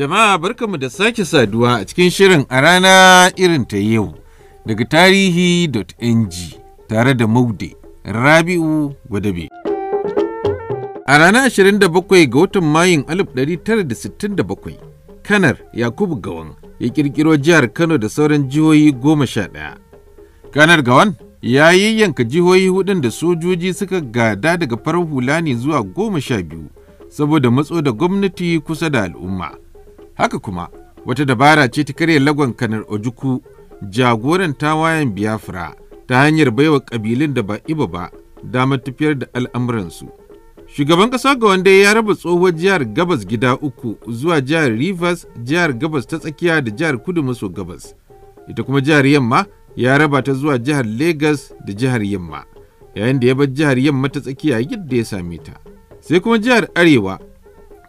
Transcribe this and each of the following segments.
Jama'a mu da sake saduwa a cikin shirin a rana irin ta yau daga tarihi.ng tare da Maude Rabi'u Gwadabe. A ranar 27 ga watan Mayun 1967, Kanar Yakubu Gawan ya kirkiro jihar Kano da sauran jihohi goma sha ɗaya. Kanar Gawan ya yi yanka jihohi hudun da sojoji suka gada daga farar hula zuwa goma sha biyu saboda matso da gwamnati kusa da al'umma Haka kuma, wata dabara ce ta karya lagon kanar Ojuku jagoran tawayen Biafra ta hanyar baiwa ƙabilun da ba Iba ba damar tafiyar da al'amuransu. Shugaban ƙasa ga wanda ya raba tsohuwar jihar Gabas gida uku zuwa jihar Rivers, jihar Gabas ta tsakiya da jihar Kudu maso Gabas. Ita kuma jihar Yamma ya raba ta zuwa jihar Legas da jihar Yamma, yayin da ya bar jihar Yamma ta tsakiya yadda ya same ta. Sai kuma jihar Arewa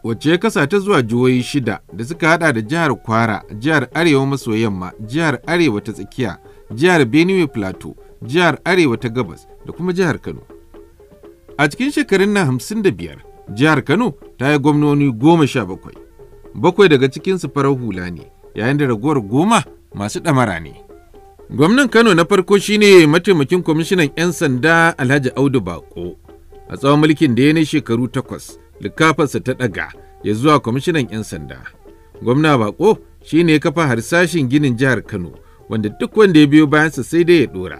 wacce ya kasa ta zuwa jihohi shida da suka hada da jihar kwara jihar arewa maso yamma jihar arewa ta tsakiya jihar benue plateau jihar arewa ta gabas da kuma jihar kano a cikin shekarun na hamsin da biyar jihar kano ta yi gwamnoni goma sha bakwai bakwai daga cikin su farar hula ne yayin da ragowar goma masu ɗamara ne gwamnan kano na farko shine mataimakin kwamishinan 'yan sanda alhaji audu bako a tsawon mulkin da ya ne shekaru takwas likafarsa ta ɗaga ya zuwa kwamishinan 'yan sanda. Gwamna Bako shi ne kafa harsashin ginin jihar Kano wanda duk wanda ya biyo bayansa sai dai ya ɗora.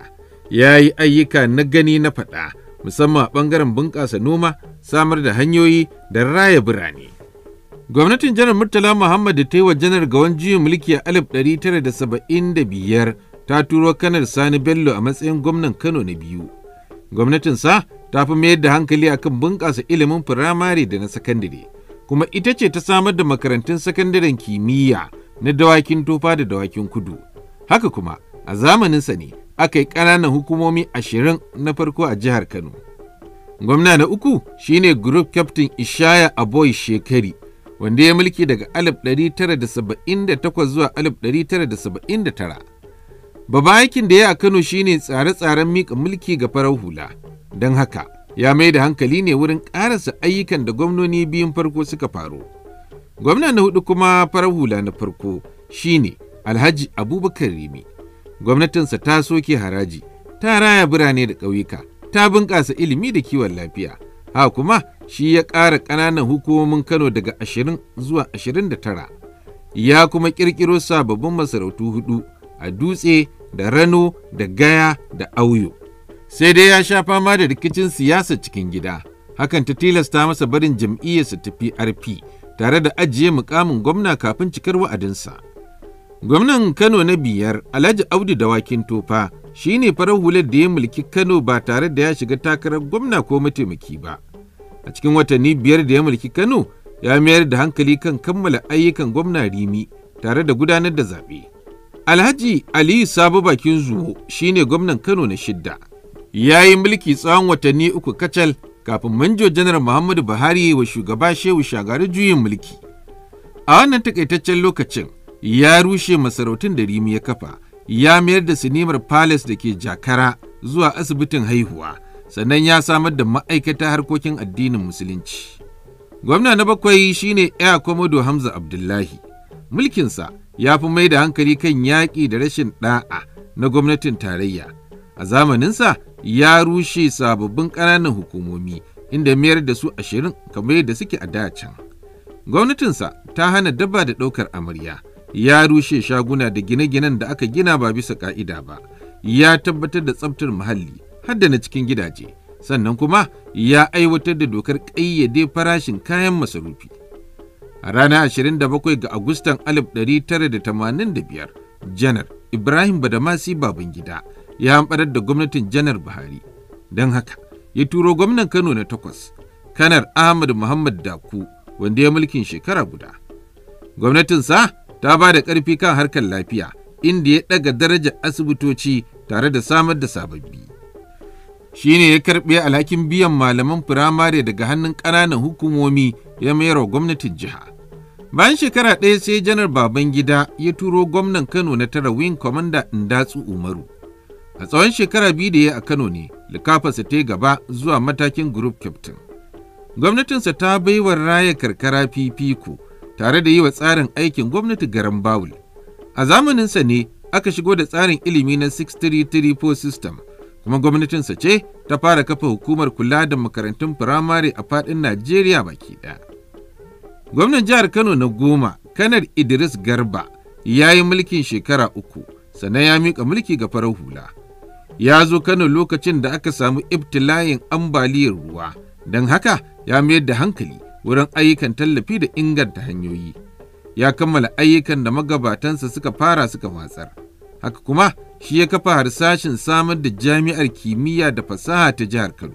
Ya yi ayyuka na gani na faɗa musamman a ɓangaren bunƙasa noma, samar da hanyoyi da raya birane. Gwamnatin Janar Murtala Muhammad da ta yi wa Janar Gawan juyin mulki a 1975 ta turo kanar Sani Bello a matsayin gwamnan Kano na biyu. Gwamnatinsa ta fi mayar da hankali a kan bunƙasa ilimin firamare da na sakandare kuma ita ce ta samar da makarantun sakandaren kimiyya na dawakin tofa da dawakin kudu haka kuma a zamaninsa ne aka yi ƙananan hukumomi ashirin na farko a jihar kano gwamna na uku shine group captain ishaya aboy shekari wanda ya mulki daga 1978 zuwa 1979 Babayakin da ya a Kano shine tsare-tsaren mika mulki ga farar hula, don haka ya mai da hankali ne wurin ƙarasa ayyukan da gwamnoni biyun farko suka faru. Gwamna na hudu kuma farar hula na farko shi ne, Alhaji Abubakar Rimi. Gwamnatinsa ta soke haraji, ta raya birane da ƙauyuka, ta bunƙasa ilimi da kiwon lafiya. Ha kuma shi ya ƙara ƙananan hukumomin Kano daga 20 zuwa da tara. Ya kuma ƙirƙiro sababbin masarautu hudu a dutse da rano da gaya da auyo. sai dai ya sha fama da rikicin siyasa cikin gida hakan ta tilasta masa barin jam'iyyarsa ta PRP tare da ajiye mukamin gwamna kafin cikar wa'adinsa. Gwamnan Kano na biyar Alhaji Audu Dawakin Tofa shine farar hular da ya mulki Kano ba tare da ya shiga takarar gwamna ko mataimaki ba. A cikin watanni biyar da ya mulki Kano ya mayar da hankali kan kammala ayyukan gwamna Rimi tare da gudanar da zaɓe. Alhaji Aliyu Sabo Bakin Zuwo shine gwamnan Kano na shidda. ya yi mulki tsawon watanni uku kacal kafin manjo janar Muhammadu Buhari wa shugaba Shehu Shagari juyin mulki. A wannan takaitaccen lokacin ya rushe masarautun da Rimi ya kafa, ya mayar da sinimar Palace da ke Jakara zuwa asibitin haihuwa, sannan ya samar da ma'aikata harkokin addinin Musulunci. Gwamna na bakwai shine ya Komodo Hamza Abdullahi. Mulkinsa ya fi mai da hankali kan yaƙi da rashin ɗa'a na gwamnatin tarayya. a zamaninsa ya rushe sababbin ƙananan hukumomi inda mayar da su ashirin kamar yadda suke a dacin. Gwamnatinsa ta hana daba da ɗaukar amarya, ya rushe shaguna da gine-ginen da aka gina ba bisa ƙa'ida ba, ya tabbatar da tsabtar muhalli har da na cikin gidaje, sannan kuma ya aiwatar da dokar ƙayyade farashin kayan masarufi. A ranar 27 ga Agustan 1985, Janar Ibrahim Badamasi Babangida ya hamɓarar da gwamnatin janar Buhari. Don haka, ya turo gwamnan Kano na takwas, kanar Ahmad Muhammad Daku, wanda ya mulkin shekara guda. Gwamnatinsa ta ba da ƙarfi kan harkar lafiya, inda ya ɗaga darajar asibitoci tare da samar da sababbi. Shi ne ya karɓe alhakin biyan malaman firamare daga hannun ƙananan hukumomi ya mayar wa gwamnatin jiha. Bayan shekara ɗaya sai janar Babangida ya turo gwamnan Kano na tara wing commander Ndatsu Umaru. A tsawon shekara biyu da ya a Kano ne, sa ta yi gaba zuwa matakin group captain. Gwamnatinsa ta baiwa raya karkara fifiko tare da yi wa tsarin aikin gwamnati garan bawul. A zamaninsa ne aka shigo da tsarin ilimi na 6334 system, kuma gwamnatinsa ce ta fara kafa hukumar kula da makarantun firamare a faɗin Najeriya baki ɗaya. Gwamnan jihar Kano na goma, Kanar Idris Garba, ya yi mulkin shekara uku, sannan ya miƙa mulki ga farar hula. ya zo Kano lokacin da aka samu ibtilayin ambaliyar ruwa, don haka ya mayar da hankali wurin ayyukan tallafi da inganta hanyoyi. Ya kammala ayyukan da magabatansa suka fara suka watsar. Haka kuma shi ya kafa harsashin samar da jami'ar kimiyya da fasaha ta jihar Kano.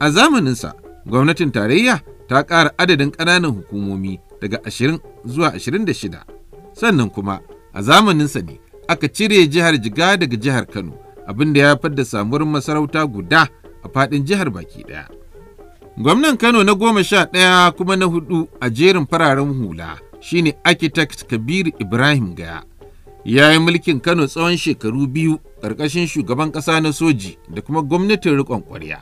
A zamaninsa, gwamnatin tarayya ta ƙara adadin ƙananan hukumomi daga 20 zuwa shida, Sannan kuma, a zamaninsa ne aka cire jihar Jiga daga jihar Kano. abin da ya haifar da samuwar masarauta guda a faɗin jihar baki ɗaya. Gwamnan Kano na goma sha ɗaya kuma na hudu a jerin fararen hula shine architect Kabiru Ibrahim Gaya. Ya yi mulkin Kano tsawon shekaru biyu ƙarƙashin shugaban ƙasa na soji da kuma gwamnatin riƙon ƙwarya.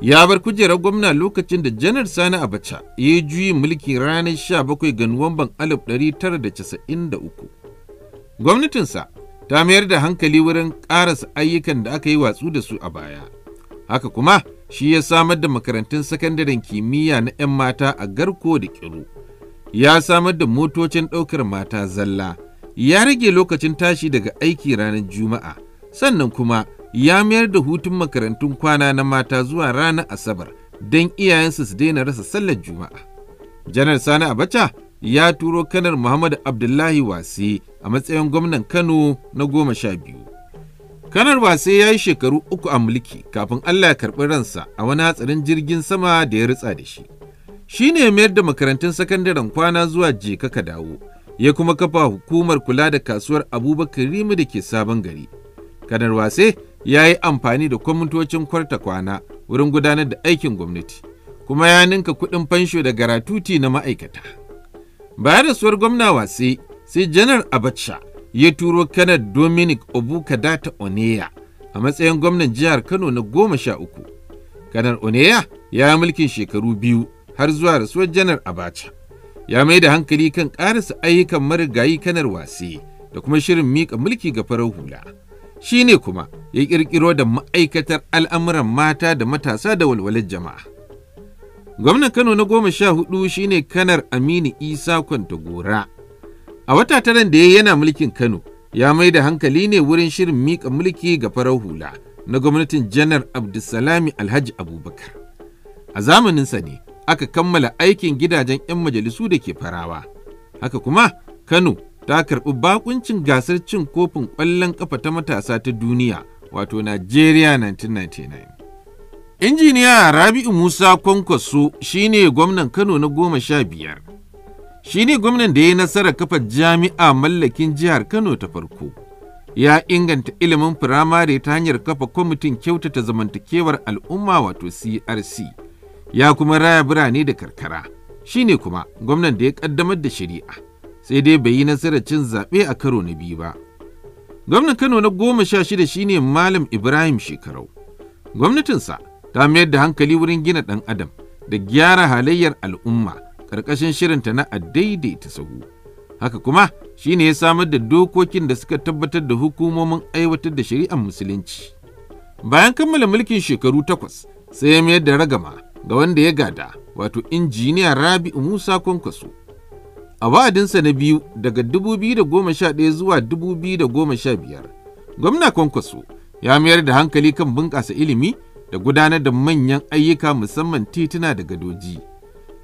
Ya bar kujerar gwamna lokacin da Janar Sani Abacha ya yi juyin mulki ranar 17 ga Nuwamban 1993. Gwamnatinsa ta mayar da hankali wurin ƙarasa ayyukan da aka yi watsu da su a baya. Haka kuma shi ya samar da makarantun sakandaren kimiyya na 'yan mata a garko da ƙiro. Ya samar da motocin ɗaukar mata zalla, ya rage lokacin tashi daga aiki ranar Juma'a, sannan kuma ya mayar da hutun makarantun kwana na mata zuwa ranar Asabar don iyayensu su daina rasa sallar Juma'a. Janar Sani Abacha ya turo kanar Muhammadu Abdullahi Wase a matsayin gwamnan Kano na goma sha biyu. Kanar Wase ya yi shekaru uku a mulki kafin Allah ya karɓi ransa a wani hatsarin jirgin sama da ya ritsa da shi. Shi ne mayar da makarantun sakandaren kwana zuwa jeka ka dawo, ya kuma kafa hukumar kula da kasuwar Abubakar Rimi da ke sabon gari. Kanar Wase ya yi amfani da kwamitocin kwarta kwana wurin gudanar da aikin gwamnati, kuma ya ninka kuɗin fansho da garatuti na ma'aikata. Bayan rasuwar gwamna watsi, sai janar Abacha ya turo kanar Dominic Obukadata Oneya a matsayin gwamnan jihar Kano na goma sha uku. Kanar Oneya ya yi mulkin shekaru biyu har zuwa rasuwar janar Abacha. Ya mai da hankali kan ƙarasa ayyukan marigayi kanar wasi da kuma shirin miƙa mulki ga farar hula. Shi ne kuma ya ƙirƙiro da ma'aikatar al'amuran mata da matasa da walwalar jama'a. Gwamnan Kano na goma sha hudu shi ne kanar Aminu Isa Kwantagora. A wata taran da ya yana mulkin Kano, ya mai da hankali ne wurin shirin miƙa mulki ga farar hula na gwamnatin Janar Abdulsalami Alhaji Abubakar. A zamaninsa ne aka kammala aikin gidajen 'yan majalisu da ke farawa. Haka kuma, Kano ta karɓi bakuncin gasar cin kofin ƙwallon ƙafa ta matasa ta duniya, wato Najeriya 1999. Injiniya Rabi'u Musa Kwankwaso shi ne gwamnan Kano na goma sha biyar. Shi ne gwamnan da ya nasarar kafa jami'a mallakin jihar Kano ta farko. Ya inganta ilimin firamare ta hanyar kafa kwamitin kyautata zamantakewar al'umma wato CRC. Ya kuma raya birane da karkara. Shi ne kuma gwamnan da ya ƙaddamar da shari'a. Sai dai bai yi nasarar cin zaɓe a karo na biyu ba. Gwamnan Kano na goma sha shida shi ne Malam Ibrahim Shekarau. Gwamnatinsa ta mayar da hankali wurin gina ɗan adam da gyara halayyar al'umma ƙarƙashin shirinta na a daidaita sahu haka kuma shi ne ya samar da dokokin da suka tabbatar da hukumomin aiwatar da shari'ar musulunci bayan kammala mulkin shekaru takwas sai ya mayar da ragama ga wanda ya gada wato injiniya rabi'u musa kwankwaso a wa'adinsa na biyu daga 2011 zuwa 2015 gwamna kwankwaso ya mayar da hankali kan bunƙasa ilimi da gudanar da manyan ayyuka musamman tituna da gadoji.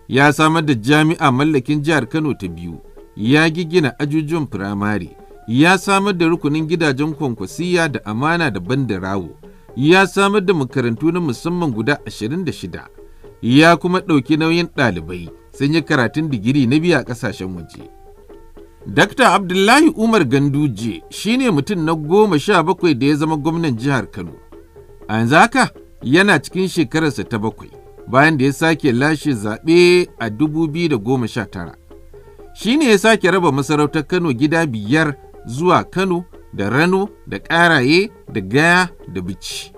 Ya samar da jami'a mallakin jihar Kano ta biyu, ya gigina ajujuwan firamare, ya samar da rukunin gidajen kwankwasiya da amana da bandarawo, ya samar da makarantu na musamman guda ashirin da shida. ya kuma ɗauki nauyin ɗalibai sun yi karatun digiri na biya ƙasashen waje. Dakta Abdullahi Umar Ganduje shine mutum na goma sha bakwai da ya zama gwamnan jihar Kano. A yanzu haka, yana cikin shekararsa ta bakwai bayan da ya sake lashe zaɓe a 2019 shi ne ya sake raba masarautar kano gida biyar zuwa kano da rano da ƙaraye da gaya da bici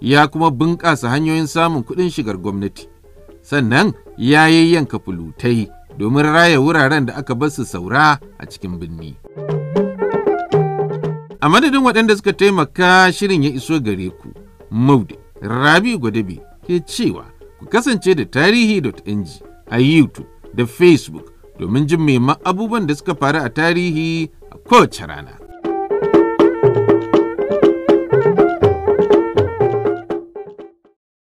ya kuma bunƙasa hanyoyin samun kuɗin shigar gwamnati sannan ya yi yanka fulutai domin raya wuraren da aka basu saura a cikin birni. a madadin waɗanda suka taimaka shirin ya iso gare ku maude Rabi Gwadabe ke cewa ku kasance da tarihi.ng a YouTube da Facebook domin jin meman abubuwan da suka faru a tarihi a kowace rana.